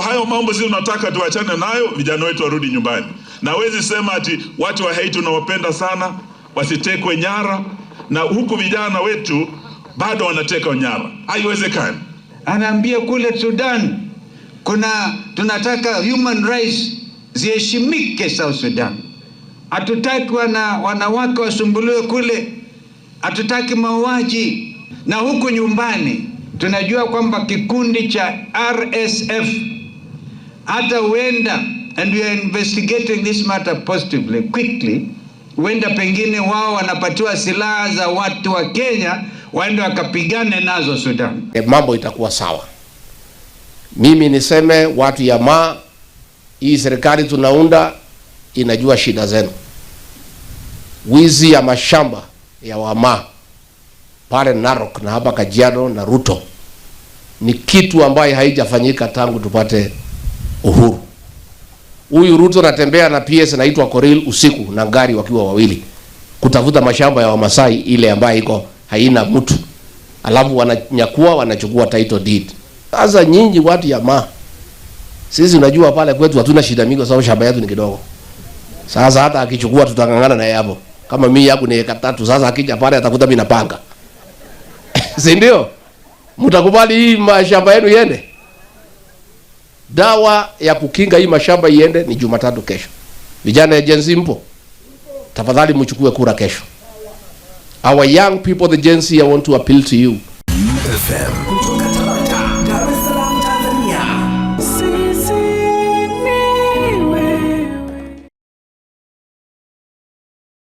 Hayo mambo sisi tunataka tuachane nayo, vijana wetu warudi nyumbani, na wezi sema ati watu wa Haiti unawapenda sana wasitekwe nyara, na huku vijana wetu bado wanatekwa nyara, haiwezekani. Anaambia kule Sudan kuna tunataka human rights ziheshimike South Sudan, hatutaki wana, wanawake wasumbuliwe kule, hatutaki mauaji, na huku nyumbani tunajua kwamba kikundi cha RSF hata huenda and we are investigating this matter positively quickly, huenda pengine wao wanapatiwa silaha za watu wa Kenya waende wakapigane nazo Sudan. E, mambo itakuwa sawa. Mimi niseme watu ya ma hii serikali tunaunda inajua shida zenu. Wizi ya mashamba ya wama pale Narok na hapa kajiano na Ruto ni kitu ambayo haijafanyika tangu tupate uhuru. Huyu Ruto anatembea na PS anaitwa Koril usiku na ngari wakiwa wawili kutafuta mashamba ya Wamasai ile ambayo iko haina mtu, alafu wananyakua wanachukua title deed. Sasa nyinyi watu ya ma sisi, unajua pale kwetu hatuna shida mingi, sababu shamba yetu ni kidogo. Sasa hata akichukua tutangangana naye hapo, kama mimi yangu ni eka tatu. Sasa akija pale atakuta mimi napanga, si ndio? Mtakubali hii mashamba yenu yende dawa ya kukinga hii mashamba iende ni Jumatatu kesho. Vijana ya Gen Z mpo, tafadhali mchukue kura kesho. Our young people the Gen Z, I want to appeal to you. FM.